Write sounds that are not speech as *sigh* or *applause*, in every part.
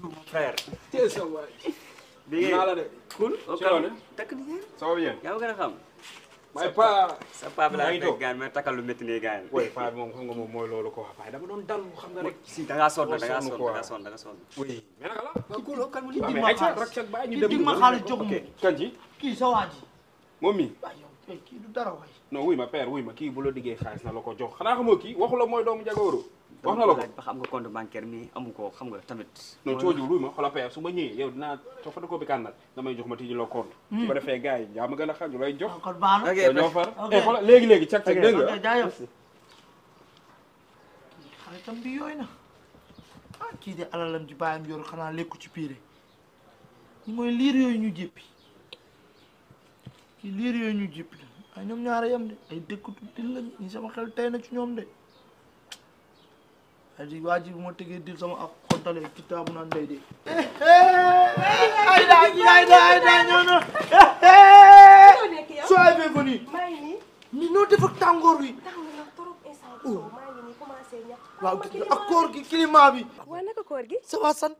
mon frère. tey sa waay. léegi naa la de. cool au calme takk di ngeen. ça va bien. yaa ngi gën a xam. may paa sa paa bi laa fekk gaañ ma takkal lu métti ne gaañ. waaye paa bi moom xam nga moom mooy loolu ko wax paa dama doon dal xam nga rek. si da ngaa sonn da ngaa sonn da ngaa sonn da ngaa sonn. oui mais naka la. waaw cool au calme li dig ma xaalis li dig ma xaalis jóg moom. kan ci kii sa waa ji. moom mi. mais eh, kii du dara waay. non wuy ma père wuy ma kii bu la diggee xaalis na la ko jox xanaa xamoo kii waxu mooy doomu jagooru. wax na la ko ba xam nga compte bancaire mi amu ko xam nga tamit. non cooju wuy ma xoolal père su ma ñëwee la compte. Hmm. su ko defee a xam de alalam ji bàyyam yor xanaa lekku ci piire mooy liir yooyu ñu jéppi ci liir yooyu ñu jip la ay ñoom ñaara yam de ay dëkkatu dil lañ sama xel tey na ci ñoom de ay di waa ji bu dil sama ak xottalee kitaabu naan day de ay daa gi na soo ay fee ko nii ni noo def ak tàngoor wi oh. waaw ak koor gi climat bi waa naka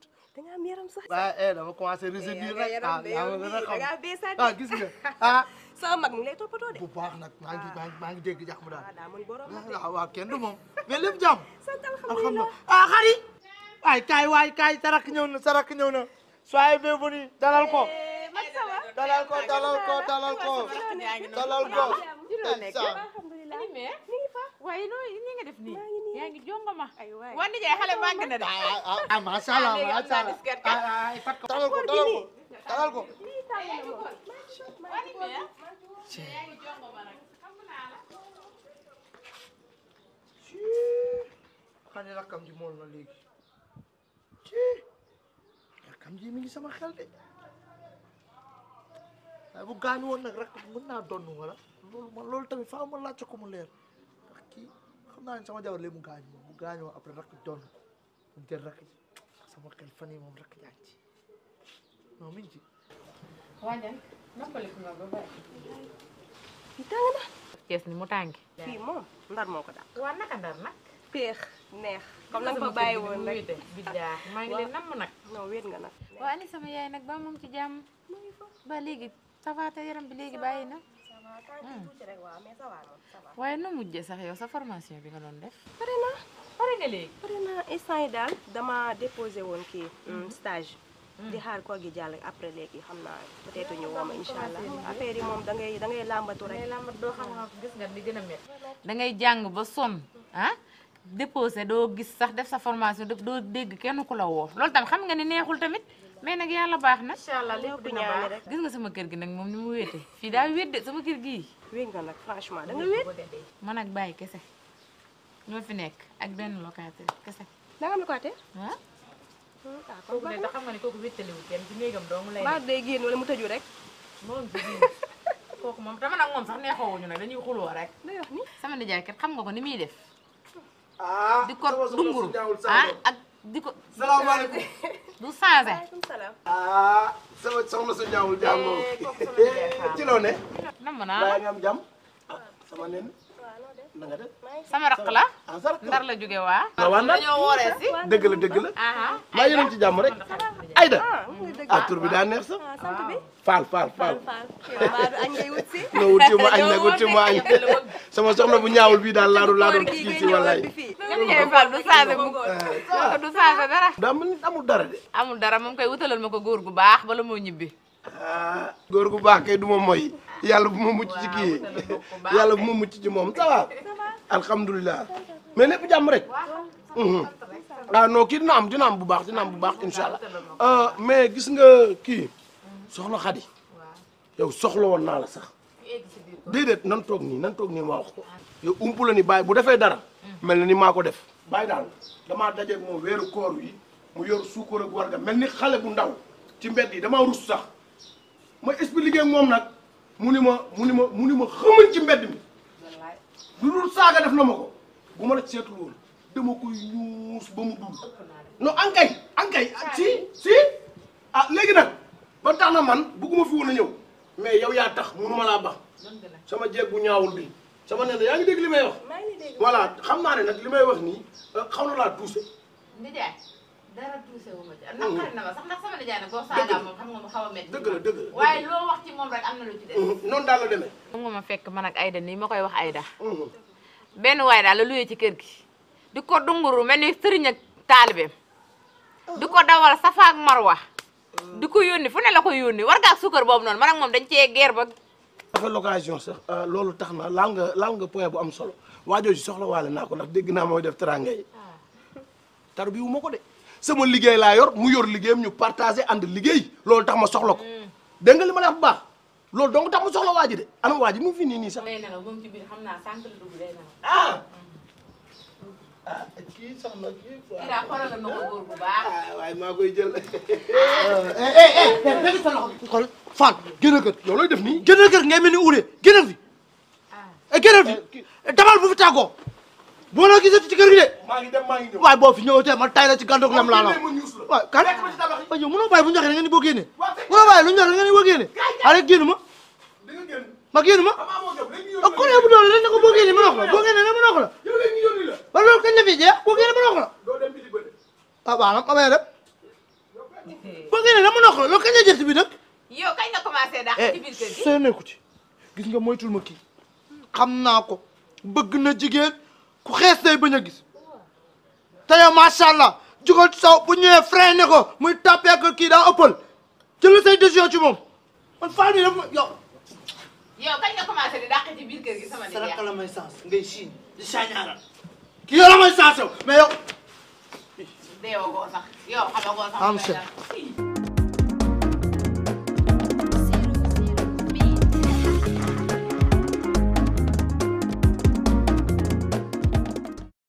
sax waaye dama commencé résenir rek ah yaa ngi xam ah gis nga *laughs* ah. sama mag mi ngi lay toppatoo de. bu baax nag maa ngi maa ngi daal. Ah, ah, waaw daa du moom mais lépp jàmm. sant waay ah, kaay waay kaay sarak ñëw na sarak ñaw na. soyez bienvenue dalal ko. Eh, dalal ko dalal ko dalal ko dalal ko. waaye ini ñu kau def nii yaa kau jonga ma ay kau banget nih. xale kau ngi na de ah masha Allah masha kau ay fat ko kau ko talal ko kau rakkam ji mool kau léegi ci rakkam kau mi ngi sama kau de waaye bu kau woon nag rakk kau naa donn wala kau man loolu tamit kau ma laaj ko kau leer xam naa ne sama jabar léegi mu gaañoo bu gaañoo après mu jël rakk ji sama xel fan yi moom rakk jaan ci non mi ngi ci. waa Diagne noppaliku nga ni mu tàngi. fii moom ndar moo ko daal. waa naka ndar nag. peex neex. kom nag ma bàyyi woon nag bidaa maa ngi leen namm nag. non nga nag. waa ani sama yaay nag ba moom ci jàmm. ba léegi ça va te yaram bi léegi bàyyi na. waaye nu mujj sax yow sa formation bi nga doon def. pare naa pare nga léegi. pare naa instant yi daal dama déposé woon kii mm, mm-hmm. stage. Mm. di xaar koo gi jàll après léegi xam naa peut-être ñu ma incha allah affaire yi moom da ngay da ngay làmbatu rek. da nga li gën da ngay jàng ba sonn ah. se doo gis sax def sa formation doo dégg kenn ku la woo loolu tam xam nga ni neexul tamit mais nag yàlla baax na. incha allah lépp du ñaari rek gis nga sama kër gi nag moom ni mu wéete fii daa wéet de sama kër gii. wéet nga nag franchement da nga wéet. man ak bàyyi kese ñoo fi nekk ak benn locataire kese. da nga am locataire. waaw. Ah, ne kooku wéttaliwul kenn ci néegam dong lay. baax day génn wala mu tëju rek. moom *laughs* sax neexoowuñu nag dañuy xuloo rek. ni sama nijaay xam nga ko ni muy def. Ah, di dunguru ah, di ko. salaamaaleykum. du changé. ah sama soxna su ñaawul jaam moom ci ne. na mu am jàmm ah sama nen. sama rakk la. Ah, la jóge waa. waaw dañoo wooree si. dëgg la dëgg la. maa yoroon ci jàmm rek. Aïda ah tur bi daa neex Faal Faal Faal. Faal Faal. wut si. wut ma añ nag wut si sama soxna bu ñaawul bii daal laa doon laa doon kii si wallaay. Eh, du saafe dara. daa mel ni amul dara de. amul dara moom koy wutalal ma ko góor gu baax bala moo ñibbi. ah góor gu baax kay du ma mooy yàlla bu ma mucc ci kii yàlla bu ma mucc ci moom ça va alhamdulilah mais lépp jàmm rek. Mhm. ah non kii dina am dina am bu baax dina am bu baax incha allah euh, mais gis nga kii soxna Xadi yow soxla woon naa la sax. déedéet nan toog nii nan toog nii ma wax yow umpu la ni bàyyi bu defee dara mel na ni maa ko def bàyyi daal damaa dajeeg moo weeru koor wi mu yor suukar ak warga mel ni xale bu ndaw ci mbedd yi damaa rus sax ma expliqué ak moom nag mu ni ma mu ni ma mu ni ci mbedd mi lu dul saaga def na ma ko bu ma la seetul woon dama koy ñuus ba mu dul non ankay ankay ah, si si ah léegi nag ba na man bëgguma fi woon a ñëw mais yow ya tax mënuma la bax sama jeeg bu ñaawul bi sama nen yaa ngi dégg li wax voilà xam na ne nag li wax ni euh, xaw na tousé tuuse nijaay dara tousé wu ma ci naqari na ma sax nak sama nijaay bo sa saagaa moom xam nga mu xawa metti deug la deug la waaye lo wax ci mom rek amna lu ci def non dal la demé moom nga ma fekk man ak ayda ni makoy wax ayda ben waay daal la luyé ci kër gi diko dunguru melni serigne sëriñ ak taalibeem di ko dawal safaak marwa di ko yónni fu ne la ko yónni war ngaa suukar boobu noonu man ak moom dañ cee geer ba. dafa location sax ah, loolu tax na laal nga laal point bu am solo waajoo ji soxla waale naa ko ndax dégg naa mooy def teraanga yi tar bi wu ma ko de sama liggéey laa yor mu yor liggéeyam ñu partagé ànd liggéey loolu tax ma soxla ko mm. dégg nga li ma la wax bu baax loolu donc tax ma soxla waaj de anam waaji mu fi nii sax. day nelaw xam naa sànq ah kii soxna kii. Kira xoolal ma ko góor bu baax. koy jël. léegi eh, eh, eh, sa loxo bi xool Fall gën a gër yow looy def nii. gën a gër ngay mel ni uure gën a fi. Ah. gën a fi demal bu fi tàggoo. boo la gisati ci kër gi de. maa ngi dem maa ngi ma tay la ci gàndoog lam laa la. waaw kan waaye yow mënoo bàyyi bu ñu ngeen di boo génnee. mënoo bàyyi lu ngeen di boo génnee. xaaral ma. ma génn ma. ak ah, bu doole rek ne ko boo génnee ma wax la boo ba loolu kañ la fi jeex boo génne ah, ma noq la. ah waaw nag amee rek boo génne dama noq la loolu kañ la jeex ci biir kër gi. Eh, soo nekku ci gis nga moytul ma kii xam naa ko bëgg na jigéen ku xees day bañ a gis te yow macha allah jugal saw bu ñëwee freiné ko muy tapé ak kii daa ëppal jël say décision ci moom man Fall bi dafa yow. yow kañ nga commencé di dàq que yɔrɔ ma sa sɔrɔ meu. yɔ. bɛɛ y'o gɔnsa yɔ